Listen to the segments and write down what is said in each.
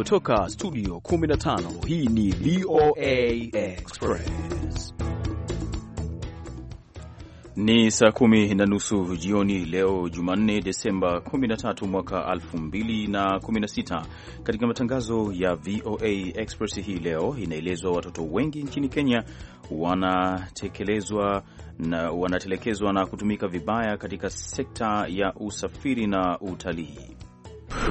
Kutoka studio 15 hii ni VOA Express. Ni saa kumi na nusu jioni leo Jumanne, Desemba 13 mwaka 2016. Katika matangazo ya VOA Express hii leo, inaelezwa watoto wengi nchini Kenya wanatekelezwa na wanatelekezwa na kutumika vibaya katika sekta ya usafiri na utalii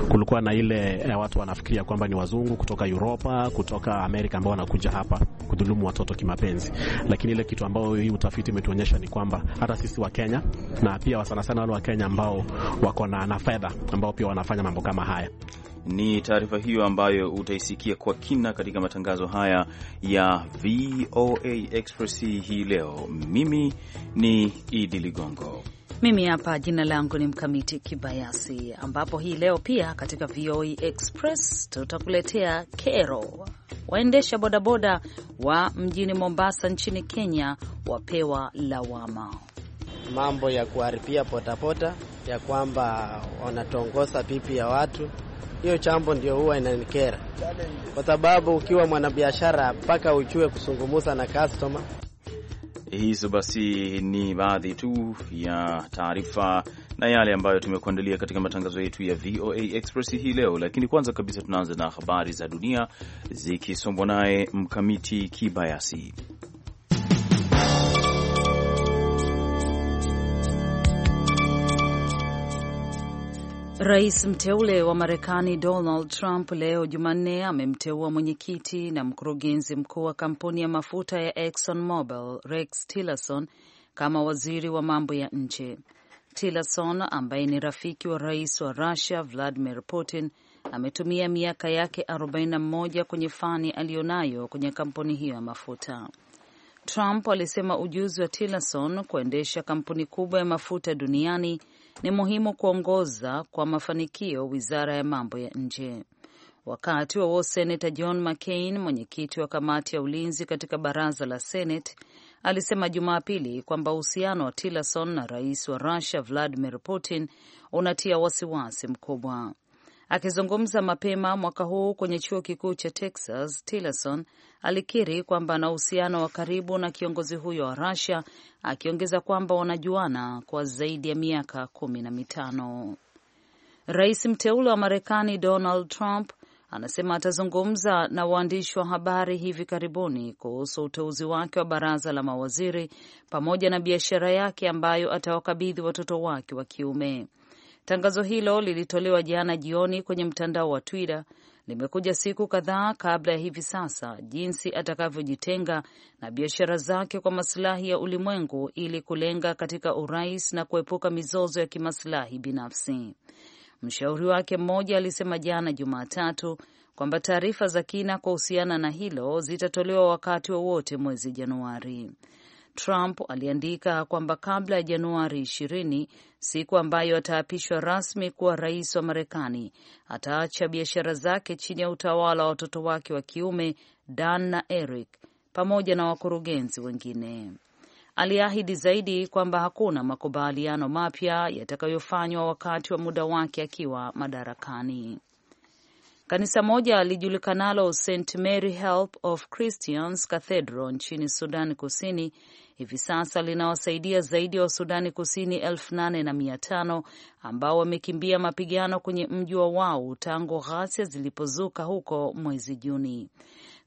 kulikuwa na ile eh, watu wanafikiria kwamba ni wazungu kutoka Europa, kutoka Amerika ambao wanakuja hapa kudhulumu watoto kimapenzi, lakini ile kitu ambayo hii utafiti umetuonyesha ni kwamba hata sisi wa Kenya na pia sana sana wale wa Kenya ambao wako na, na fedha ambao pia wanafanya mambo kama haya ni taarifa hiyo ambayo utaisikia kwa kina katika matangazo haya ya VOA Express hii leo. Mimi ni Idi Ligongo. Mimi hapa jina langu ni Mkamiti Kibayasi, ambapo hii leo pia katika VOA e Express tutakuletea kero. Waendesha bodaboda wa mjini Mombasa nchini Kenya wapewa lawama, mambo ya kuharibia potapota ya kwamba wanatongosa pipi ya watu. Hiyo chambo ndio huwa inanikera, kwa sababu ukiwa mwanabiashara mpaka uchue kusungumuza na customer Hizo basi ni baadhi tu ya taarifa na yale ambayo tumekuandalia katika matangazo yetu ya VOA Express hii leo, lakini kwanza kabisa tunaanza na habari za dunia zikisomwa naye Mkamiti Kibayasi. Rais mteule wa Marekani Donald Trump leo Jumanne amemteua mwenyekiti na mkurugenzi mkuu wa kampuni ya mafuta ya Exxon Mobil Rex Tillerson kama waziri wa mambo ya nje. Tillerson ambaye ni rafiki wa rais wa Russia Vladimir Putin ametumia miaka yake 41 kwenye fani aliyonayo kwenye kampuni hiyo ya mafuta. Trump alisema ujuzi wa Tillerson kuendesha kampuni kubwa ya mafuta duniani ni muhimu kuongoza kwa mafanikio wizara ya mambo ya nje. Wakati wa senata John McCain, mwenyekiti wa kamati ya ulinzi katika baraza la Senate, alisema Jumapili kwamba uhusiano wa Tillerson na rais wa Russia Vladimir Putin unatia wasiwasi mkubwa. Akizungumza mapema mwaka huu kwenye chuo kikuu cha Texas, Tillerson alikiri kwamba ana uhusiano wa karibu na kiongozi huyo wa Russia, akiongeza kwamba wanajuana kwa zaidi ya miaka kumi na mitano. Rais mteule wa Marekani Donald Trump anasema atazungumza na waandishi wa habari hivi karibuni kuhusu uteuzi wake wa baraza la mawaziri pamoja na biashara yake ambayo atawakabidhi watoto wake wa kiume. Tangazo hilo lilitolewa jana jioni kwenye mtandao wa Twitter limekuja siku kadhaa kabla ya hivi sasa jinsi atakavyojitenga na biashara zake kwa masilahi ya ulimwengu ili kulenga katika urais na kuepuka mizozo ya kimasilahi binafsi. Mshauri wake mmoja alisema jana Jumatatu kwamba taarifa za kina kuhusiana na hilo zitatolewa wakati wowote wa mwezi Januari. Trump aliandika kwamba kabla ya Januari ishirini, siku ambayo ataapishwa rasmi kuwa rais wa Marekani, ataacha biashara zake chini ya utawala wa watoto wake wa kiume Dan na Eric pamoja na wakurugenzi wengine. Aliahidi zaidi kwamba hakuna makubaliano mapya yatakayofanywa wakati wa muda wake akiwa madarakani. Kanisa moja lijulikanalo St Mary Help of Christians Cathedral nchini Sudani Kusini hivi sasa linawasaidia zaidi ya wa Wasudani Kusini elfu nane na mia tano ambao wamekimbia mapigano kwenye mji wa Wau tangu ghasia zilipozuka huko mwezi Juni.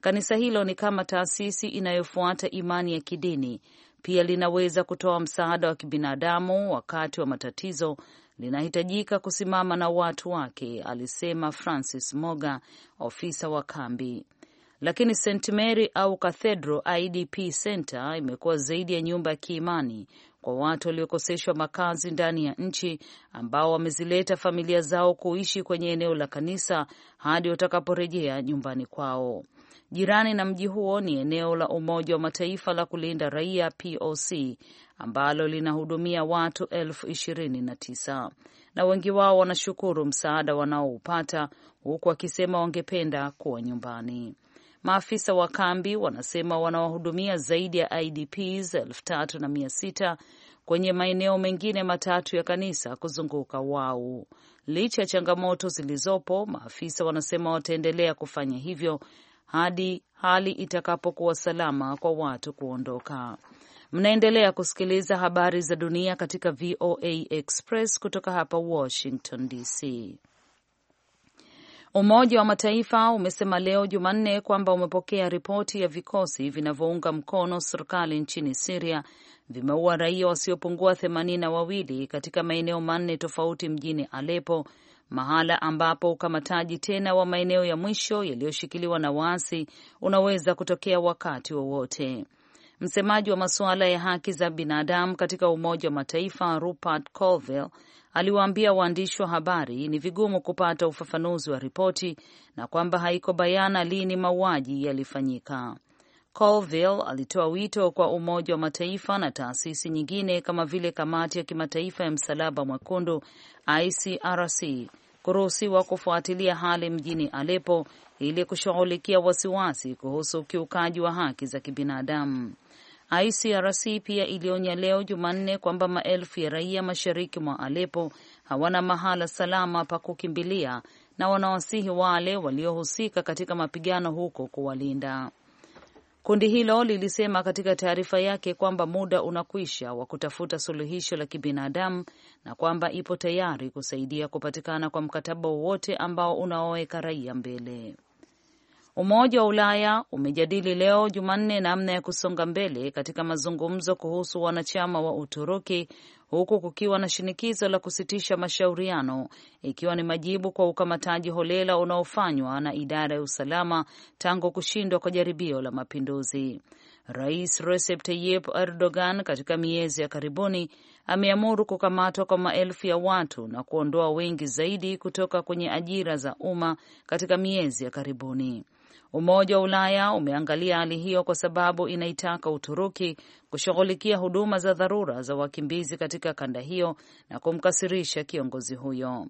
Kanisa hilo ni kama taasisi inayofuata imani ya kidini. Pia linaweza kutoa msaada wa kibinadamu wakati wa matatizo linahitajika kusimama na watu wake, alisema Francis Moga, ofisa wa kambi. Lakini St Mary au Cathedral IDP Center imekuwa zaidi ya nyumba ya kiimani kwa watu waliokoseshwa makazi ndani ya nchi ambao wamezileta familia zao kuishi kwenye eneo la kanisa hadi watakaporejea nyumbani kwao. Jirani na mji huo ni eneo la Umoja wa Mataifa la kulinda raia POC ambalo linahudumia watu elfu ishirini na tisa na wengi wao wanashukuru msaada wanaoupata huku wakisema wangependa kuwa nyumbani. Maafisa wa kambi wanasema wanawahudumia zaidi ya IDPs elfu tatu na mia sita kwenye maeneo mengine matatu ya kanisa kuzunguka Wau. Licha ya changamoto zilizopo, maafisa wanasema wataendelea kufanya hivyo hadi hali itakapokuwa salama kwa watu kuondoka. Mnaendelea kusikiliza habari za dunia katika VOA Express kutoka hapa Washington DC. Umoja wa Mataifa umesema leo Jumanne kwamba umepokea ripoti ya vikosi vinavyounga mkono serikali nchini Siria vimeua raia wasiopungua themanini na wawili katika maeneo manne tofauti mjini Alepo mahala ambapo ukamataji tena wa maeneo ya mwisho yaliyoshikiliwa na waasi unaweza kutokea wakati wowote Msemaji wa masuala ya haki za binadamu katika Umoja wa Mataifa Rupert Colville aliwaambia waandishi wa habari ni vigumu kupata ufafanuzi wa ripoti na kwamba haiko bayana lini mauaji yalifanyika. Colville alitoa wito kwa Umoja wa Mataifa na taasisi nyingine kama vile Kamati ya Kimataifa ya Msalaba Mwekundu ICRC kuruhusiwa kufuatilia hali mjini Aleppo ili kushughulikia wasiwasi kuhusu ukiukaji wa haki za kibinadamu. ICRC pia ilionya leo Jumanne kwamba maelfu ya raia mashariki mwa Aleppo hawana mahala salama pa kukimbilia na wanawasihi wale waliohusika katika mapigano huko kuwalinda. Kundi hilo lilisema katika taarifa yake kwamba muda unakwisha wa kutafuta suluhisho la kibinadamu na kwamba ipo tayari kusaidia kupatikana kwa mkataba wowote ambao unaoweka raia mbele. Umoja wa Ulaya umejadili leo Jumanne namna ya kusonga mbele katika mazungumzo kuhusu wanachama wa Uturuki huku kukiwa na shinikizo la kusitisha mashauriano ikiwa ni majibu kwa ukamataji holela unaofanywa na idara ya usalama tangu kushindwa kwa jaribio la mapinduzi. Rais Recep Tayyip Erdogan katika miezi ya karibuni ameamuru kukamatwa kwa maelfu ya watu na kuondoa wengi zaidi kutoka kwenye ajira za umma katika miezi ya karibuni. Umoja wa Ulaya umeangalia hali hiyo kwa sababu inaitaka Uturuki kushughulikia huduma za dharura za wakimbizi katika kanda hiyo na kumkasirisha kiongozi huyo.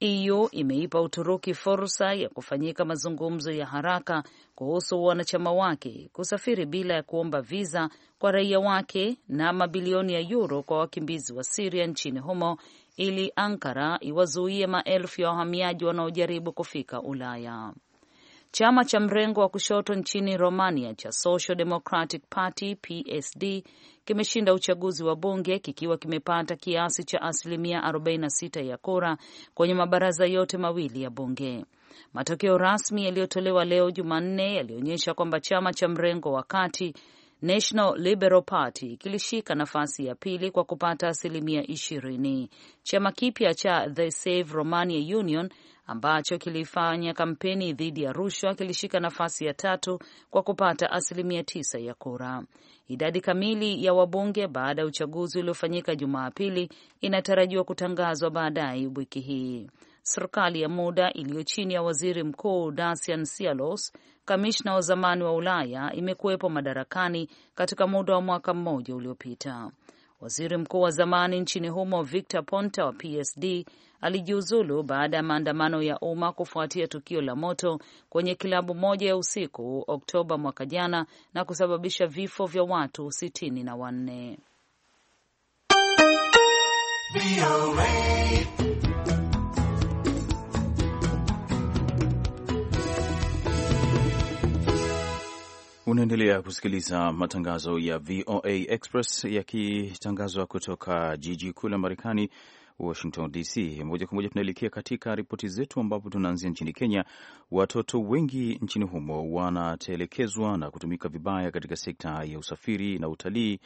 EU imeipa Uturuki fursa ya kufanyika mazungumzo ya haraka kuhusu wanachama wake, kusafiri bila ya kuomba viza kwa raia wake na mabilioni ya yuro kwa wakimbizi wa Siria nchini humo ili Ankara iwazuie maelfu ya wahamiaji wanaojaribu kufika Ulaya. Chama cha mrengo wa kushoto nchini Romania cha Social Democratic Party PSD kimeshinda uchaguzi wa bunge kikiwa kimepata kiasi cha asilimia 46 ya kura kwenye mabaraza yote mawili ya bunge. Matokeo rasmi yaliyotolewa leo Jumanne yalionyesha kwamba chama cha mrengo wa kati National Liberal Party kilishika nafasi ya pili kwa kupata asilimia ishirini. Chama kipya cha The Save Romania Union ambacho kilifanya kampeni dhidi ya rushwa kilishika nafasi ya tatu kwa kupata asilimia tisa ya kura. Idadi kamili ya wabunge baada ya uchaguzi uliofanyika Jumapili inatarajiwa kutangazwa baadaye wiki hii serikali ya muda iliyo chini ya waziri mkuu Dacian sialos kamishna wa zamani wa Ulaya, imekuwepo madarakani katika muda wa mwaka mmoja uliopita. Waziri mkuu wa zamani nchini humo Victor Ponta wa PSD alijiuzulu baada ya maandamano ya umma kufuatia tukio la moto kwenye kilabu moja ya usiku Oktoba mwaka jana na kusababisha vifo vya watu sitini na wanne. Unaendelea kusikiliza matangazo ya VOA Express yakitangazwa kutoka jiji kuu la Marekani, Washington DC. Moja kwa moja tunaelekea katika ripoti zetu, ambapo tunaanzia nchini Kenya. Watoto wengi nchini humo wanatelekezwa na kutumika vibaya katika sekta ya usafiri na utalii.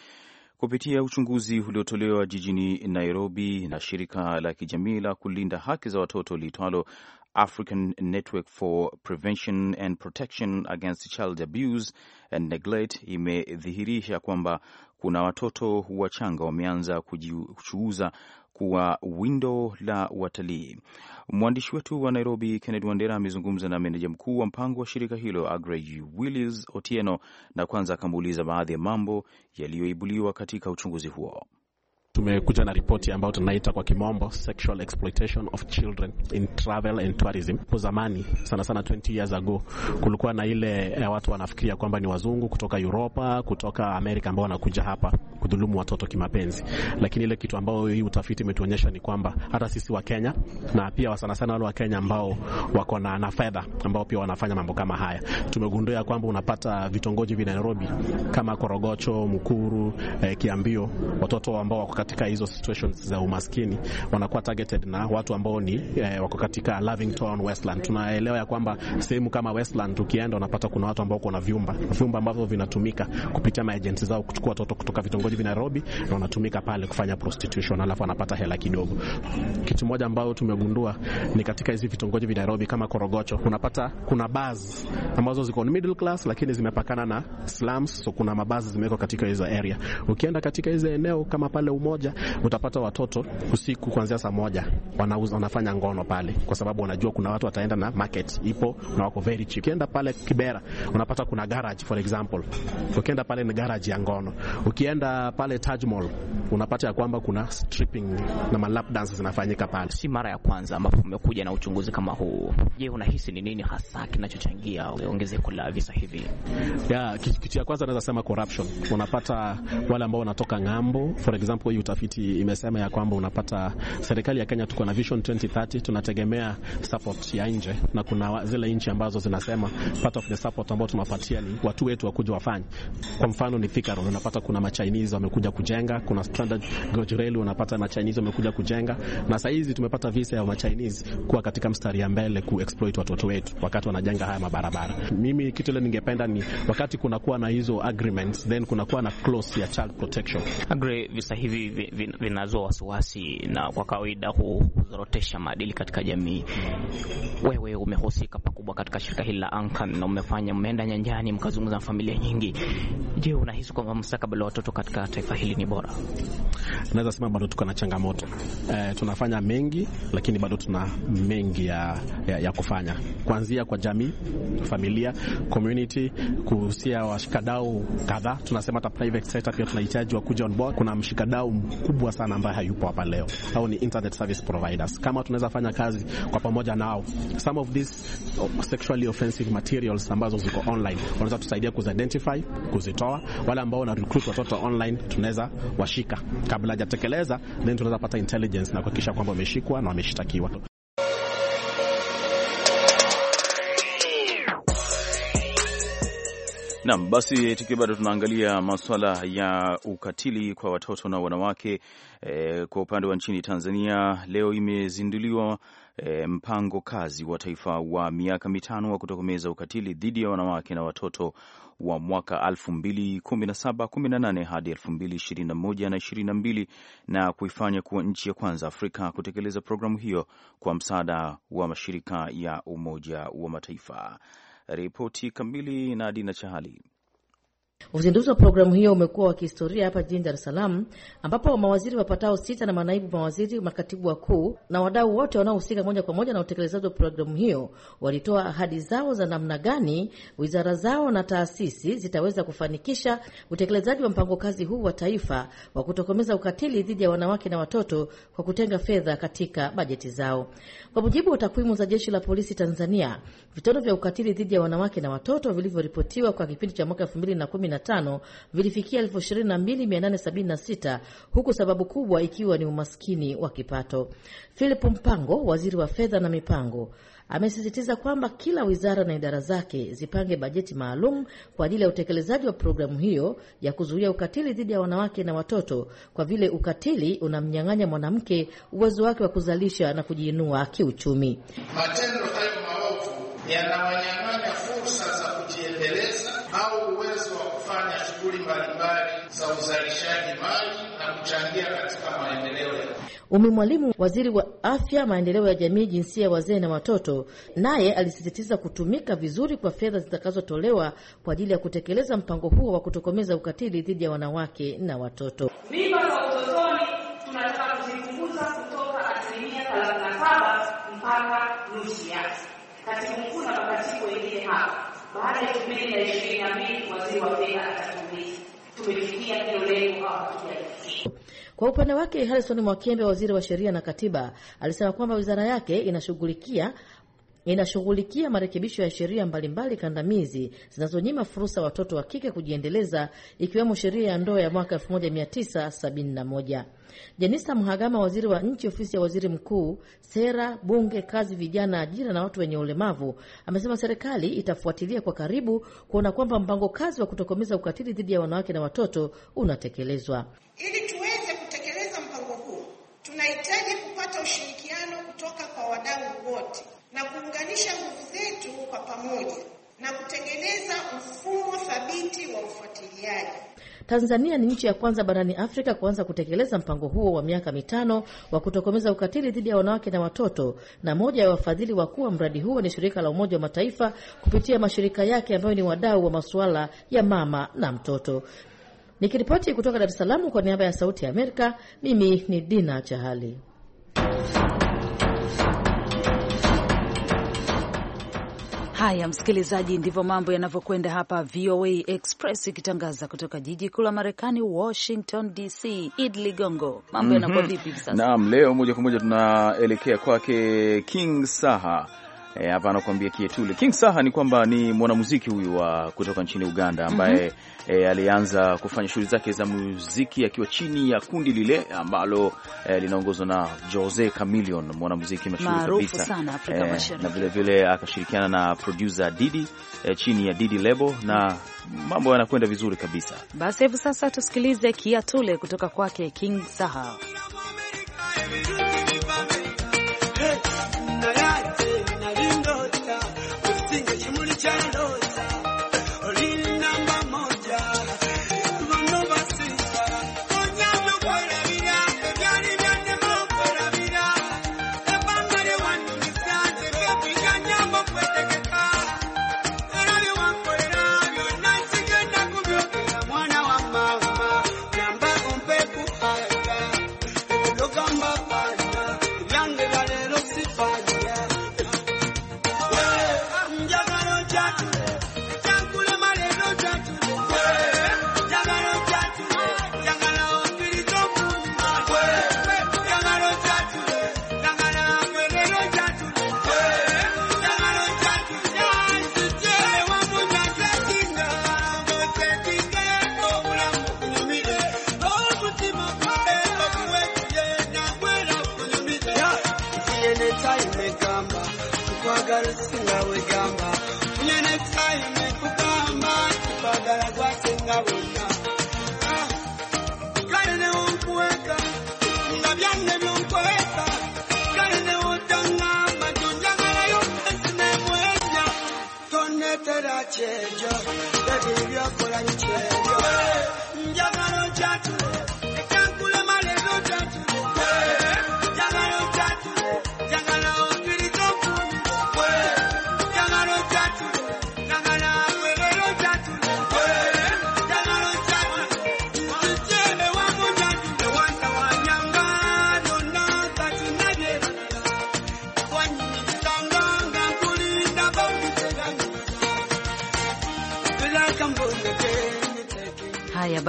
Kupitia uchunguzi uliotolewa jijini Nairobi na shirika la kijamii la kulinda haki za watoto liitwalo African Network for Prevention and Protection Against Child Abuse and Neglect imedhihirisha kwamba kuna watoto wachanga wameanza kujichuuza kuwa windo la watalii. Mwandishi wetu wa Nairobi, Kennedy Wandera, amezungumza na meneja mkuu wa mpango wa shirika hilo agre Willis Otieno, na kwanza akamuuliza baadhi ya mambo yaliyoibuliwa katika uchunguzi huo. Tumekuja na ripoti ambayo tunaita kwa kimombo sexual exploitation of children in travel and tourism. Kwa zamani sana sana 20 years ago kulikuwa na ile eh, watu wanafikiria kwamba ni wazungu kutoka Europa, kutoka Amerika ambao wanakuja hapa kudhulumu watoto kimapenzi, lakini ile kitu ambayo hii utafiti imetuonyesha ni kwamba hata sisi wa Kenya na pia sana sana wale wa Kenya ambao wako na, na fedha ambao pia wanafanya mambo kama haya, tumegundua kwamba unapata vitongoji vya Nairobi kama Korogocho, Mukuru, eh, Kiambio, watoto ambao wako katika hizo situations za umaskini wanakuwa targeted na watu ambao ni eh, wako katika Lavington, Westland. Tunaelewa ya kwamba sehemu kama Westland ukienda unapata kuna watu ambao wako na vyumba vyumba ambavyo vinatumika kupitia maagenti zao kuchukua watoto kutoka vitongoji vya Nairobi na wanatumika pale kufanya prostitution, alafu wanapata hela kidogo. Kitu moja ambayo tumegundua ni katika hizi vitongoji vya Nairobi kama Korogocho, unapata kuna bars ambazo ziko ni middle class lakini zimepakana na slums, so kuna mabazi zimewekwa katika hizo area. Ukienda katika hizo eneo kama pale umo moja utapata watoto usiku kuanzia saa moja wanauza, wanafanya ngono pale, kwa sababu wanajua kuna watu wataenda na market ipo na wako very cheap. Ukienda pale Kibera unapata kuna garage for example, ukienda pale ni garage ya ngono. Ukienda pale Taj Mall unapata ya kwamba kuna stripping na malap dances zinafanyika pale. Si mara ya kwanza ambapo umekuja na uchunguzi kama huu. Je, unahisi ni nini hasa kinachochangia ongezeko la visa hivi? Ya kitu ya kwanza naweza sema corruption. Unapata wale ambao wanatoka ng'ambo for example utafiti imesema ya kwamba unapata serikali ya Kenya tuko na Vision 2030 tunategemea support ya nje, na kuna zile nchi ambazo zinasema part of the support ambao tunapatia ni watu wetu wakuja wafanye. Kwa mfano ni Fikaro, unapata kuna ma wamekuja kujenga, kuna standard gauge rail unapata na wamekuja kujenga, na sasa hizi tumepata visa ya ma kuwa katika mstari ya mbele ku exploit watoto wetu wakati wanajenga haya mabarabara. Mimi kitu ile ningependa ni wakati kuna kuwa na hizo agreements then kuna kuwa na clause ya child protection. Agree, visa hivi vinazua wasiwasi na kwa kawaida huzorotesha maadili katika jamii. Wewe umehusika pakubwa katika shirika hili la Ankan na umefanya mmeenda nyanjani mkazungumza na familia nyingi. Je, unahisi kwamba mustakabali wa watoto katika taifa hili ni bora? Naweza sema bado tuko na changamoto e, tunafanya mengi lakini bado tuna mengi ya, ya, ya kufanya kuanzia kwa jamii, familia, community, kuhusia washikadau kadhaa. Tunasema hata private sector pia tunahitaji wakuja on board. Kuna mshikadau kubwa sana ambayo hayupo hapa leo, au ni internet service providers. Kama tunaweza fanya kazi kwa pamoja nao, some of these oh, sexually offensive materials ambazo ziko online wanaweza tusaidia kuzidentify, kuzitoa. Wale ambao wana recruit watoto online tunaweza washika kabla hajatekeleza, then tunaweza pata intelligence na kuhakikisha kwamba wameshikwa na wameshtakiwa. Naam, basi tukiwa bado tunaangalia masuala ya ukatili kwa watoto na wanawake e, kwa upande wa nchini Tanzania leo imezinduliwa e, mpango kazi wa taifa wa miaka mitano wa kutokomeza ukatili dhidi ya wanawake na watoto wa mwaka 2017, 18 hadi 2021 na 22 na kuifanya kuwa nchi ya kwanza Afrika kutekeleza programu hiyo kwa msaada wa mashirika ya Umoja wa Mataifa. Ripoti kamili na Dina Chahali. Uzinduzi wa programu hiyo umekuwa wa kihistoria hapa jijini Dar es Salaam, ambapo mawaziri wapatao sita na manaibu mawaziri, makatibu wakuu na wadau wote wanaohusika moja kwa moja na utekelezaji wa programu hiyo walitoa ahadi zao za namna gani wizara zao na taasisi zitaweza kufanikisha utekelezaji wa mpango kazi huu wa taifa wa kutokomeza ukatili dhidi ya wanawake na watoto kwa kutenga fedha katika bajeti zao. Kwa mujibu wa takwimu za Jeshi la Polisi Tanzania, vitendo vya ukatili dhidi ya wanawake na watoto vilivyoripotiwa kwa kipindi cha mwaka elfu mbili na kumi 2015 vilifikia 22876 huku sababu kubwa ikiwa ni umaskini wa kipato. Philip Mpango, waziri wa fedha na mipango, amesisitiza kwamba kila wizara na idara zake zipange bajeti maalum kwa ajili ya utekelezaji wa programu hiyo ya kuzuia ukatili dhidi ya wanawake na watoto, kwa vile ukatili unamnyang'anya mwanamke uwezo wake wa kuzalisha na kujiinua kiuchumi. Matendo hayo maovu yanawanyang'anya mbalimbali za uzalishaji maji na kuchangia katika maendeleo ya Umi Mwalimu, waziri wa afya, maendeleo ya jamii, jinsia ya wazee na watoto, naye alisisitiza kutumika vizuri kwa fedha zitakazotolewa kwa ajili ya kutekeleza mpango huo wa kutokomeza ukatili dhidi ya wanawake na watoto. Mimba za utotoni baada ya kipindi cha ishirini na mbili waziri wa fedha akatuuliza, tumefikia hiyo lengo au Kwa upande wake Harrison Mwakembe, waziri wa sheria na katiba, alisema kwamba wizara yake inashughulikia inashughulikia marekebisho ya sheria mbalimbali kandamizi zinazonyima fursa watoto wa kike kujiendeleza ikiwemo sheria ya ndoa ya mwaka 1971. Jenista Mhagama, waziri wa nchi ofisi ya waziri mkuu, sera, bunge, kazi, vijana, ajira na watu wenye ulemavu, amesema serikali itafuatilia kwa karibu kuona kwamba mpango kazi wa kutokomeza ukatili dhidi ya wanawake na watoto unatekelezwa. Ili tuweze kutekeleza mpango huu, tunahitaji kupata ushirikiano kutoka kwa wadau wote na kuunganisha nguvu zetu kwa pamoja na kutengeneza mfumo thabiti wa ufuatiliaji. Tanzania ni nchi ya kwanza barani Afrika kuanza kutekeleza mpango huo wa miaka mitano wa kutokomeza ukatili dhidi ya wanawake na watoto, na moja ya wafadhili wakuu wa mradi huo ni shirika la Umoja wa Mataifa kupitia mashirika yake ambayo ni wadau wa masuala ya mama na mtoto. Nikiripoti kutoka Dar es Salaam kwa niaba ya Sauti ya Amerika, mimi ni Dina Chahali. Haya, msikilizaji, ndivyo mambo yanavyokwenda hapa VOA Express ikitangaza kutoka jiji kuu la Marekani, Washington DC. Id Ligongo, mambo yanakuwa mhm. vipi sasa? Naam, leo moja kwa moja tunaelekea kwake King Saha Eh, hapa e, anakuambia Kietule. King Saha ni kwamba ni mwanamuziki huyu wa kutoka nchini Uganda ambaye mm -hmm. e, alianza kufanya shughuli zake za muziki akiwa chini ya kundi lile ambalo e, linaongozwa na Jose Chameleone, mwanamuziki mashuhuri kabisa e, na vilevile akashirikiana na producer Didi e, chini ya Didi Lebo na mambo yanakwenda vizuri kabisa. Basi hebu sasa tusikilize Kiatule kutoka kwake King Saha. Devi via con la ricerca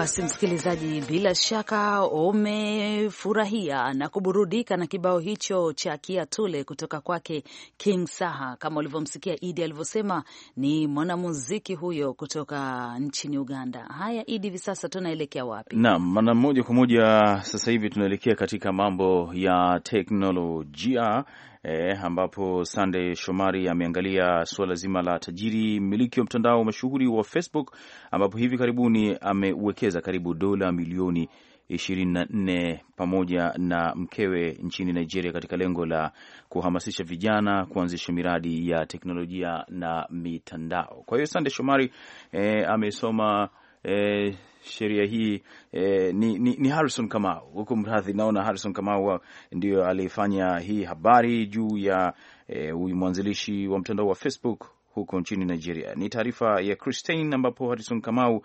basi msikilizaji, bila shaka umefurahia na kuburudika na kibao hicho cha Kiatule kutoka kwake King Saha. Kama ulivyomsikia Idi alivyosema, ni mwanamuziki huyo kutoka nchini Uganda. Haya Idi, hivi sasa tunaelekea wapi? Naam, mana moja kwa moja sasa hivi tunaelekea katika mambo ya teknolojia e, ambapo Sande Shomari ameangalia suala zima la tajiri mmiliki wa mtandao mashuhuri wa Facebook, ambapo hivi karibuni amewekeza karibu dola milioni 24 pamoja na mkewe nchini Nigeria katika lengo la kuhamasisha vijana kuanzisha miradi ya teknolojia na mitandao. Kwa hiyo Sande Shomari e, amesoma e, sheria hii e, ni, ni, ni Harrison Kamau huku mradhi, naona Harrison Kamau ndio alifanya hii habari juu ya eh, huyu eh, mwanzilishi wa mtandao wa Facebook huko nchini Nigeria. Ni taarifa ya Christine ambapo Harrison Kamau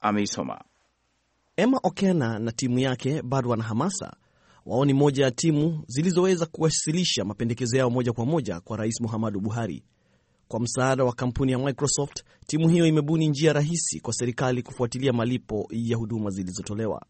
ameisoma. Emma Okena na timu yake bado wana hamasa wao ni moja ya timu zilizoweza kuwasilisha mapendekezo yao moja kwa moja kwa Rais Muhammadu Buhari kwa msaada wa kampuni ya Microsoft, timu hiyo imebuni njia rahisi kwa serikali kufuatilia malipo ya huduma zilizotolewa.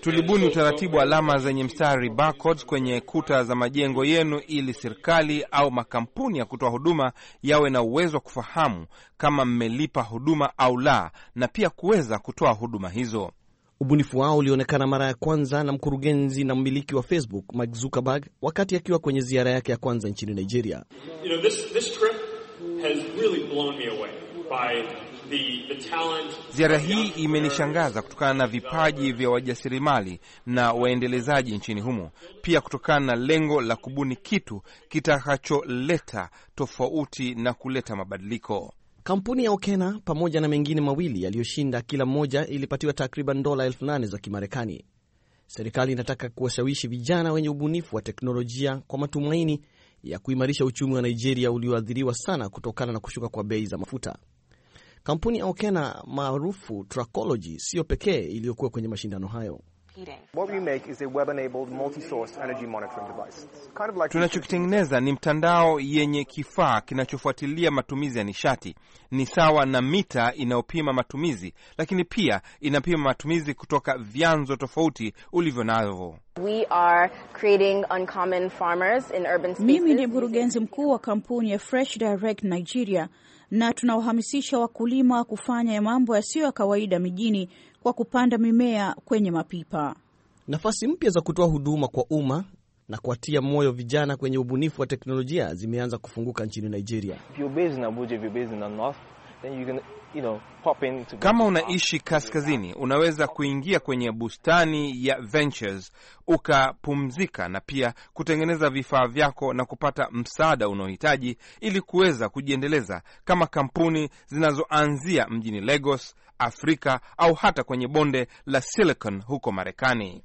Tulibuni utaratibu wa alama zenye mstari barcodes kwenye kuta za majengo yenu ili serikali au makampuni ya kutoa huduma yawe na uwezo wa kufahamu kama mmelipa huduma au la, na pia kuweza kutoa huduma hizo. Ubunifu wao ulionekana mara ya kwanza na mkurugenzi na mmiliki wa Facebook Mark Zuckerberg wakati akiwa kwenye ziara yake ya kwanza nchini Nigeria. You know, this, this trip has really blown me away by the, the talent. Ziara hii imenishangaza kutokana na vipaji vya wajasiriamali na waendelezaji nchini humo, pia kutokana na lengo la kubuni kitu kitakacholeta tofauti na kuleta mabadiliko. Kampuni ya Okena pamoja na mengine mawili yaliyoshinda kila mmoja ilipatiwa takriban dola elfu nane za Kimarekani. Serikali inataka kuwashawishi vijana wenye ubunifu wa teknolojia kwa matumaini ya kuimarisha uchumi wa Nigeria ulioathiriwa sana kutokana na kushuka kwa bei za mafuta. Kampuni ya Okena maarufu tracology siyo pekee iliyokuwa kwenye mashindano hayo like... tunachokitengeneza ni mtandao yenye kifaa kinachofuatilia matumizi ya nishati, ni sawa na mita inayopima matumizi, lakini pia inapima matumizi kutoka vyanzo tofauti ulivyo navyo. Mimi ni mkurugenzi mkuu wa kampuni ya Fresh Direct Nigeria na tunawahamasisha wakulima kufanya mambo yasiyo ya kawaida mijini kwa kupanda mimea kwenye mapipa. Nafasi mpya za kutoa huduma kwa umma na kuwatia moyo vijana kwenye ubunifu wa teknolojia zimeanza kufunguka nchini Nigeria then you can, you know, pop in to... Kama unaishi kaskazini unaweza kuingia kwenye bustani ya Ventures ukapumzika na pia kutengeneza vifaa vyako na kupata msaada unaohitaji ili kuweza kujiendeleza kama kampuni zinazoanzia mjini Lagos, Afrika au hata kwenye bonde la Silicon huko Marekani.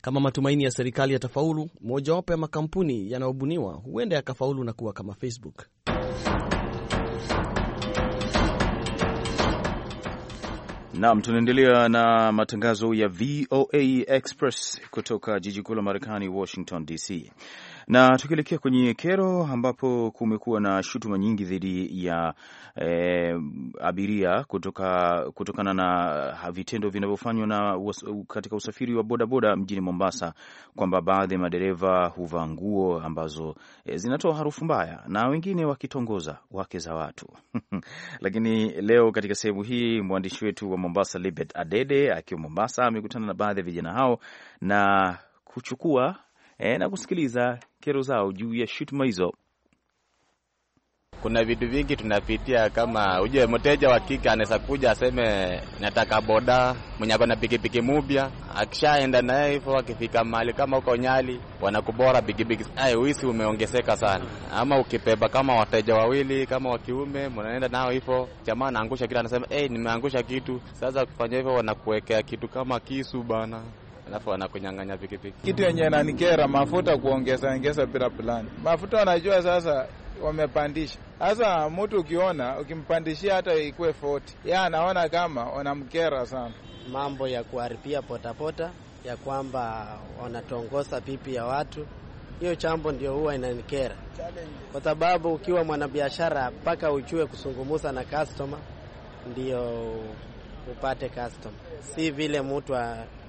Kama matumaini ya serikali yatafaulu, mojawapo ya makampuni yanayobuniwa huenda yakafaulu na kuwa kama Facebook. Naam, tunaendelea na matangazo ya VOA Express kutoka jiji kuu la Marekani, Washington DC. Na tukielekea kwenye kero, ambapo kumekuwa na shutuma nyingi dhidi ya e, abiria kutoka kutokana na vitendo vinavyofanywa na katika usafiri wa bodaboda mjini Mombasa, kwamba baadhi ya madereva huvaa nguo ambazo e, zinatoa harufu mbaya na wengine wakitongoza wake za watu lakini leo katika sehemu hii mwandishi wetu wa Mombasa Libet Adede akiwa Mombasa amekutana na baadhi ya vijana hao na kuchukua e, na kusikiliza kero zao juu ya shutuma hizo. Kuna vitu vingi tunapitia, kama ujue mteja wa kike anaweza kuja aseme nataka boda mwenye ako na pikipiki mupya, akishaenda naye hivyo, akifika mahali kama uko Nyali wanakubora pikipiki, ai wisi umeongezeka sana. Ama ukibeba kama wateja wawili kama wa kiume, mnaenda nao hivo jamaa anaangusha kitu, anasema hey, nimeangusha kitu. Sasa kufanya hivyo, wanakuwekea kitu kama kisu bana alafu wanakunyang'anya pikipiki. Kitu yenye nanikera mafuta kuongeza ongeza bila plani. Mafuta wanajua sasa wamepandisha sasa. Mtu ukiona ukimpandishia hata ikuwe 40 ya anaona kama wanamkera sana. Mambo ya kuharibia potapota ya kwamba wanatongosa pipi ya watu, hiyo chambo ndio huwa inanikera, kwa sababu ukiwa mwanabiashara mpaka ujue kusungumusa na customer ndio upate customer, si vile mtu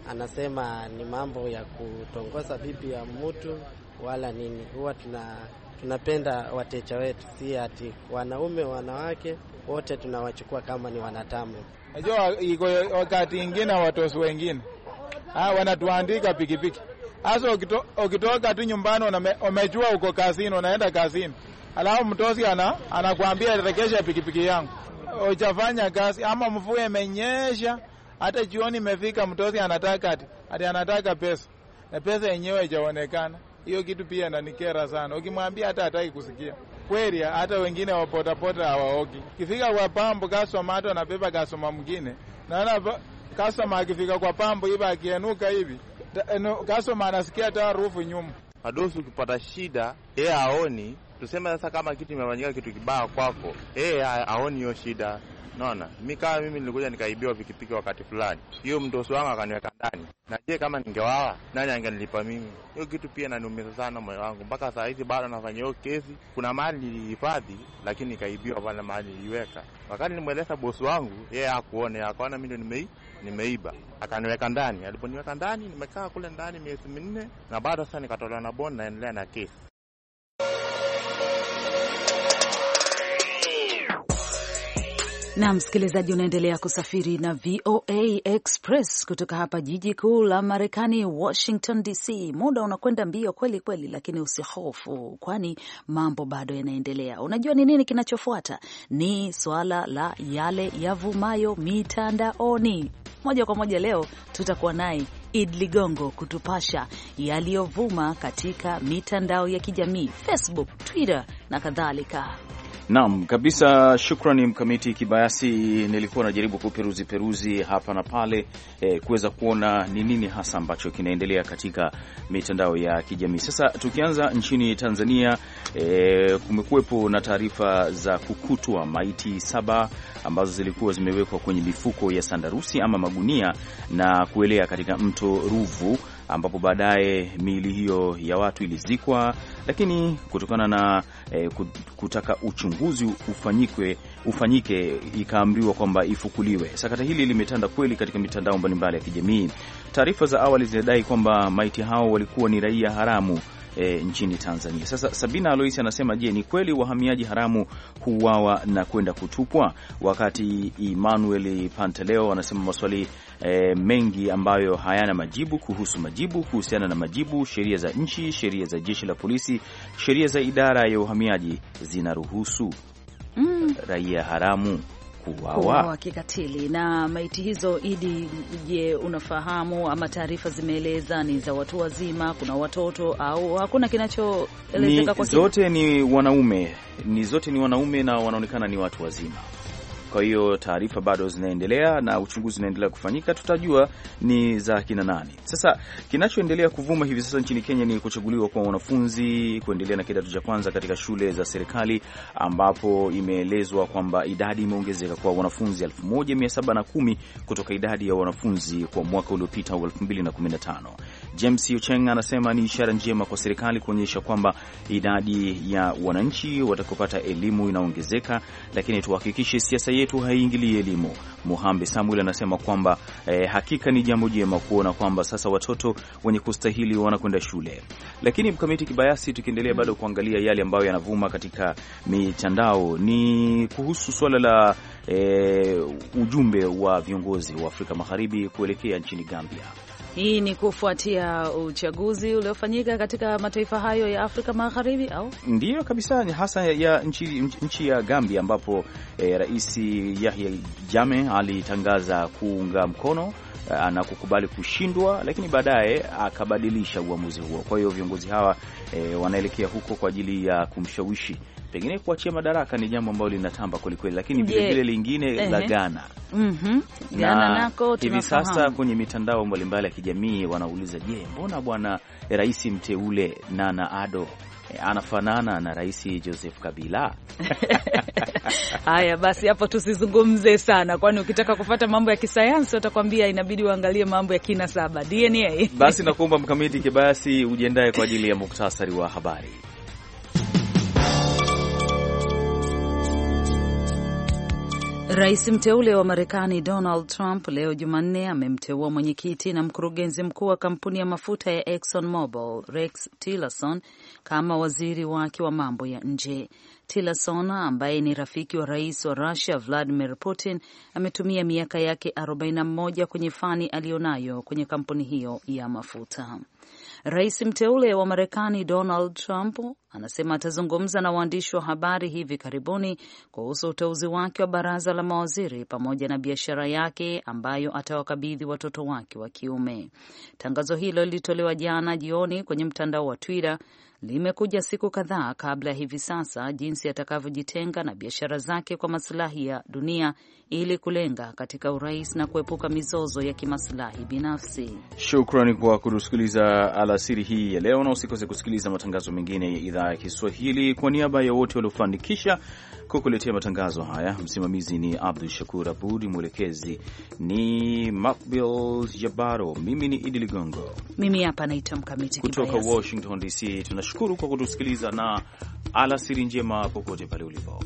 anasema ni mambo ya kutongoza bibi ya mtu wala nini. Huwa tuna tunapenda wateja wetu, si ati wanaume wanawake wote tunawachukua kama ni wanatamu Najua iko wakati ingine watosi wengine ah, wanatuandika pikipiki hasa ukito, ukitoka tu nyumbani umejua uko kazini, unaenda kazini, alafu mtosi ana, anakuambia rekesha pikipiki yangu, ujafanya kazi ama mvua imenyesha hata jioni imefika, mtoto anataka ati, ati anataka pesa na pesa yenyewe haijaonekana. Hiyo kitu pia inanikera sana. Ukimwambia hata hataki kusikia kweli, hata wengine wapotapota hawaoki. Kifika kwa pambo kasoma, hata anabeba kasoma mwingine, naona kasoma akifika kwa pambo hivi akienuka hivi kasoma eh, anasikia hata harufu nyuma. Adosi ukipata shida yeye aoni, tuseme sasa, kama kitu imefanyika kitu kibaya kwako, yeye aoni hiyo shida Naona mi kama mimi nilikuja nikaibiwa pikipiki wakati fulani, hiyo mdosi wangu akaniweka ndani. Na je, kama ningewawa nani angenilipa mimi? Hiyo kitu pia naniumiza sana moyo wangu, mpaka saa hizi bado nafanya hiyo kesi. Kuna mali nilihifadhi, lakini nikaibiwa pale mahali niliweka. Wakati nimweleza bosi wangu, yeye hakuone, akaona mi ndo nimei nimeiba akaniweka ndani. Aliponiweka ndani, nimekaa kule ndani miezi minne, na bado sasa nikatolewa na bond, naendelea na kesi. na msikilizaji, unaendelea kusafiri na VOA Express kutoka hapa jiji kuu la Marekani, Washington DC. Muda unakwenda mbio kweli kweli, lakini usihofu, kwani mambo bado yanaendelea. Unajua ni nini kinachofuata? Ni swala la yale yavumayo mitandaoni. Moja kwa moja, leo tutakuwa naye Id Ligongo kutupasha yaliyovuma katika mitandao ya kijamii, Facebook, Twitter na kadhalika. Naam kabisa, shukrani mkamiti kibayasi. Nilikuwa najaribu kuperuzi peruzi hapa na pale eh, kuweza kuona ni nini hasa ambacho kinaendelea katika mitandao ya kijamii. Sasa tukianza nchini Tanzania, eh, kumekuwepo na taarifa za kukutwa maiti saba ambazo zilikuwa zimewekwa kwenye mifuko ya sandarusi ama magunia na kuelea katika mto Ruvu ambapo baadaye miili hiyo ya watu ilizikwa, lakini kutokana na e, kutaka uchunguzi ufanyike, ufanyike ikaamriwa kwamba ifukuliwe. Sakata hili limetanda kweli katika mitandao mbalimbali ya kijamii. Taarifa za awali zinadai kwamba maiti hao walikuwa ni raia haramu e, nchini Tanzania. Sasa Sabina Alois anasema, je, ni kweli wahamiaji haramu huuawa na kwenda kutupwa? Wakati Emmanuel Panteleo anasema maswali e, mengi ambayo hayana majibu kuhusu majibu kuhusiana na majibu, sheria za nchi, sheria za jeshi la polisi, sheria za idara ya uhamiaji zinaruhusu mm, raia haramu kuuawa kikatili. Na maiti hizo, Idi, je, unafahamu ama taarifa zimeeleza ni za watu wazima, kuna watoto au hakuna kinachoelezeka? Kwa zote ni wanaume, ni zote ni wanaume na wanaonekana ni watu wazima. Kwa hiyo taarifa bado zinaendelea na uchunguzi unaendelea kufanyika, tutajua ni za kina nani. Sasa kinachoendelea kuvuma hivi sasa nchini Kenya ni kuchaguliwa kwa wanafunzi kuendelea na kidato cha kwanza katika shule za serikali, ambapo imeelezwa kwamba idadi imeongezeka kwa wanafunzi 1710 kutoka idadi ya wanafunzi kwa mwaka uliopita wa 2015. James Ocheng anasema ni ishara njema kwa serikali kuonyesha kwamba idadi ya wananchi watakopata elimu inaongezeka, lakini tuhakikishe siasa yetu haiingilii elimu. Muhambe Samuel anasema kwamba eh, hakika ni jambo jema kuona kwamba sasa watoto wenye kustahili wanakwenda shule. Lakini mkamiti kibayasi, tukiendelea bado kuangalia yale ambayo yanavuma katika mitandao, ni kuhusu suala la eh, ujumbe wa viongozi wa Afrika Magharibi kuelekea nchini Gambia. Hii ni kufuatia uchaguzi uliofanyika katika mataifa hayo ya Afrika Magharibi, au ndiyo kabisa, ni hasa ya nchi, nchi ya Gambia ambapo eh, Rais Yahya Jammeh alitangaza kuunga mkono eh, na kukubali kushindwa, lakini baadaye akabadilisha uamuzi huo. Kwa hiyo viongozi hawa e, wanaelekea huko kwa ajili ya kumshawishi pengine kuachia madaraka ni jambo ambalo linatamba kwelikweli, lakini vilevile lingine la Ghana mm nako hivi sasa kwenye mitandao mbalimbali ya kijamii wanauliza, je, mbona bwana rais mteule Nana Ado eh, anafanana na Rais Joseph Kabila. Haya basi, hapo tusizungumze sana, kwani ukitaka kufata mambo ya kisayansi watakwambia inabidi uangalie mambo ya kina saba DNA. Basi nakuomba Mkamiti Kibayasi ujiandae kwa ajili ya muktasari wa habari. Rais mteule wa Marekani Donald Trump leo Jumanne amemteua mwenyekiti na mkurugenzi mkuu wa kampuni ya mafuta ya Exxon Mobil Rex Tillerson kama waziri wake wa mambo ya nje. Tillerson ambaye ni rafiki wa rais wa Russia Vladimir Putin ametumia miaka yake 41 kwenye fani aliyonayo kwenye kampuni hiyo ya mafuta. Rais mteule wa Marekani Donald Trump anasema atazungumza na waandishi wa habari hivi karibuni kuhusu uteuzi wake wa baraza la mawaziri pamoja na biashara yake ambayo atawakabidhi watoto wake wa kiume. Tangazo hilo lilitolewa jana jioni kwenye mtandao wa Twitter limekuja siku kadhaa kabla ya hivi sasa jinsi atakavyojitenga na biashara zake kwa masilahi ya dunia ili kulenga katika urais na kuepuka mizozo ya kimasilahi binafsi. Shukrani kwa kutusikiliza alasiri hii ya leo, na usikose kusikiliza matangazo mengine ya idhaa ya Kiswahili. Kwa niaba ya wote waliofanikisha kukuletea matangazo haya, msimamizi ni abdu Shakur Abud, mwelekezi ni Macbil Jabaro, mimi ni Idi Ligongo mimi hapa naitwa Mkamiti kutoka Washington DC. Tunashukuru kwa kutusikiliza na alasiri njema popote pale ulipo.